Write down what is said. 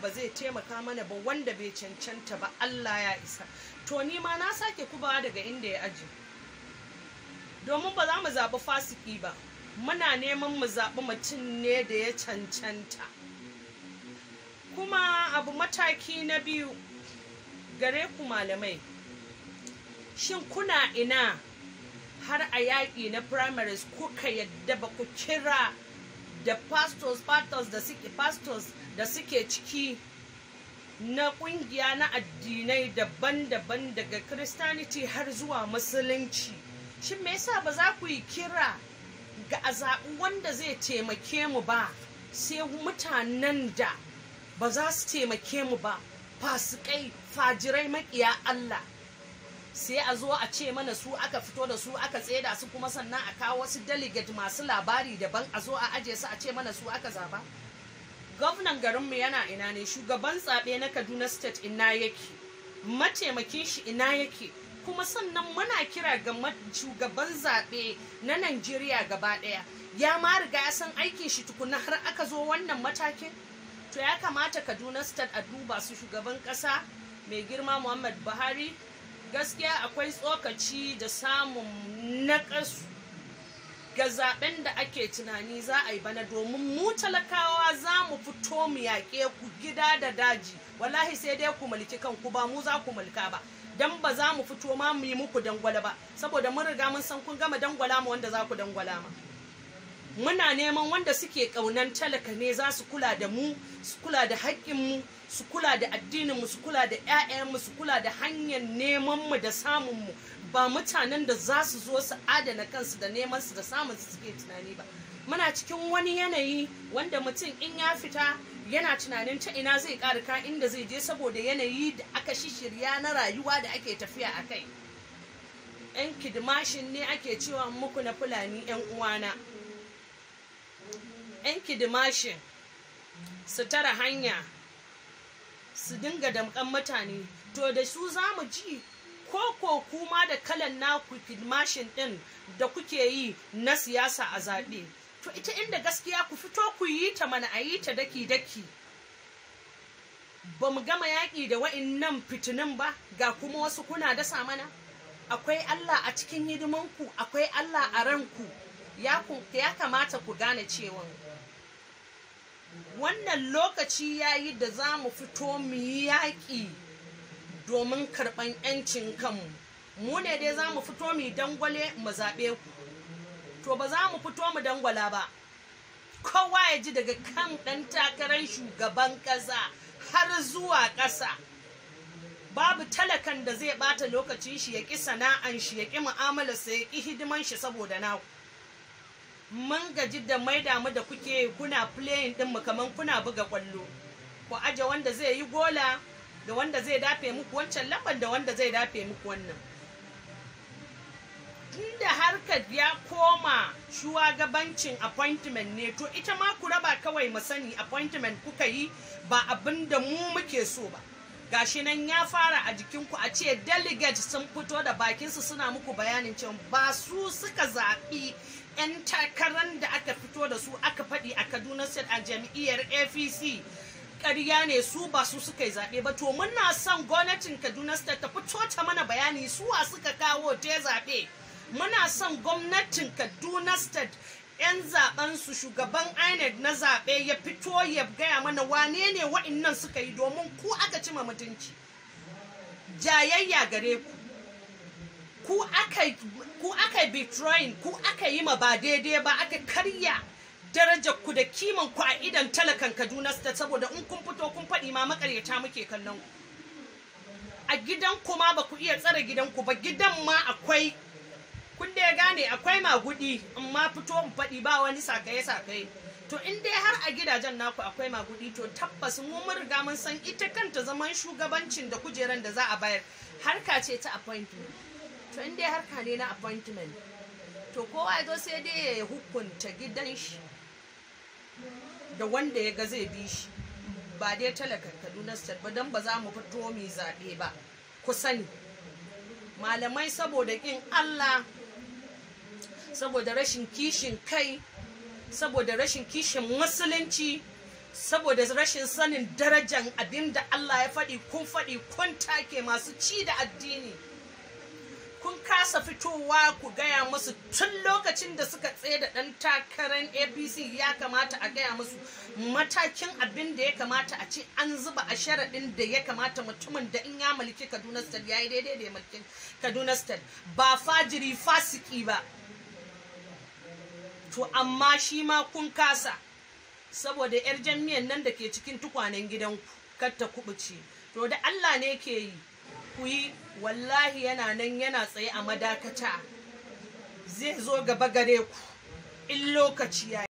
ba zai taimaka mana ba wanda bai cancanta ba Allah ya isa to ni ma na sake kubawa daga inda ya aji domin ba za mu zaɓi fasiki ba muna neman mu zaɓi mutum ne da ya cancanta kuma abu mataki na biyu gare ku malamai shin kuna ina har a yaƙi na primaries kuka yadda ba ku kira da pastors pastors da suke pastors da suke ciki na kungiya na addinai daban-daban daga christianity har zuwa musulunci shin me yasa ba za ku yi kira ga azabu wanda zai taimake mu ba sai mutanen da ba za su taimake mu ba fasikai fajirai makiya Allah sai a zo a ce mana su aka fito da su aka tseda su kuma sannan a kawo wasu delegate masu labari daban a zo a aje su a ce mana su aka zaba gwamnan garinmu yana ina ne shugaban tsabe na kaduna state ina yake mataimakin shi ina yake kuma sannan muna kira ga shugaban zaɓe na najeriya gaba ɗaya ya ma riga ya san aikin shi tukuna har aka zo wannan matakin to ya kamata kaduna state a duba su shugaban ƙasa mai girma muhammad buhari gaskiya akwai tsokaci da samun naƙasu ga zaben da ake tunani za a yi bana domin mu talakawa za mu fito mu yaƙe ku gida da daji wallahi sai dai ku mulki kanku ba mu za ku mulka ba dan ba za mu fito ma mu yi muku dangwala ba saboda mun riga mun san kun gama dangwala mu wanda za ku dangwala ma muna neman wanda suke kaunan talaka ne za su kula da mu su kula da haƙƙinmu su kula da addininmu su kula da 'ya'yanmu su kula da hanyar nemanmu da samunmu ba mutanen da za su zo su adana kansu da neman su da samun su suke tunani ba muna cikin wani yanayi wanda mutum in ya fita yana tunanin ta ina zai ƙarika inda zai je saboda yanayi da aka shishirya na rayuwa da ake tafiya a kai 'yan kidmashin ne ake cewa muku na fulani 'yan uwana 'yan kidimashin su tara hanya su dinga damkan mutane to da su za mu ji ko kuma da kalan naku kidimashin din da kuke yi na siyasa a zaɓe to ita inda gaskiya ku fito ku yi ta mana a yi ta daki-daki ba mu gama yaƙi da wa'innan fitinin ba ga kuma wasu kuna dasa mana akwai Allah a cikin hidimanku akwai Allah a ranku ya kamata ku gane cewa wannan lokaci ya yi da za mu fito mu yi yaƙi domin karɓan 'yancin kanmu mu ne dai za mu fito mu dangwale mu zaɓe ku to ba za mu fito mu dangwala ba kowa ya ji daga kan ɗan takarar shugaban ƙasa har zuwa ƙasa babu talakan da zai ɓata lokacin shi ya ƙi sana'an shi ya ƙi mu'amalarsa ya ƙi hidiman shi saboda naku mun gaji da maida mu da kuke kuna playing din mu kaman kuna buga kwallo ku aje wanda zai yi gola da wanda zai dafe muku wancan lamban da wanda zai dafe muku wannan tunda harkar ya koma shugabancin appointment ne to ita ma ku raba kawai mu sani appointment kuka yi ba abinda mu muke so ba gashi nan ya fara a jikinku a ce delegate sun fito da bakinsu suna muku bayanin cewa ba su suka zaɓi 'yan takarar da aka fito da su aka faɗi a kaduna state a jam'iyyar apc ƙarya ne su ba su suka yi zaɓe ba to muna son gwamnatin kaduna state ta fito ta mana bayani suwa suka kawo te zaɓe muna son gwamnatin kaduna state 'yan zaben su shugaban inec na zaɓe ya fito ya gaya mana wane ne wa'innan suka yi domin ku aka cima mutunci jayayya gare ku ku aka ku aka ku aka yi ma ba daidai ba aka karya darajar ku da kiman ku a idan talakan Kaduna State saboda in kun fito kun faɗi ma makaryata muke kallon ku a gidan ku ma ba ku iya tsare gidan ku ba gidan ma akwai kun da gane akwai magudi amma fito in faɗi ba wani sakaye sakaye to in dai har a gidajen naku akwai magudi to tabbas mu mun riga mun san ita kanta zaman shugabancin da kujeran da za a bayar harka ce ta appointment wato in dai harka ne na appointment to kowa ya zo sai dai ya hukunta gidan shi da wanda ya ga zai bi shi ba dai talaka kaduna state ba don ba za mu fito mu zaɓe ba ku sani malamai saboda ƙin allah saboda rashin kishin kai saboda rashin kishin musulunci saboda rashin sanin darajan abinda allah ya faɗi kun faɗi kun take masu ci da addini kun kasa fitowa ku gaya musu tun lokacin da suka tsaye da ɗan takarar apc ya kamata a gaya musu matakin abin da ya kamata a ce an zuba a sharaɗin da ya kamata mutumin da in ya mulki kaduna state ya yi daidai da ya mulki kaduna state ba fajiri fasiki ba to amma shi ma kun kasa saboda yar jami'an nan da ke cikin tukwanen gidanku kar ta kubuce to da allah ne ke yi ku wallahi yana nan yana tsaye a madakata zai zo gaba gare ku in lokaci ya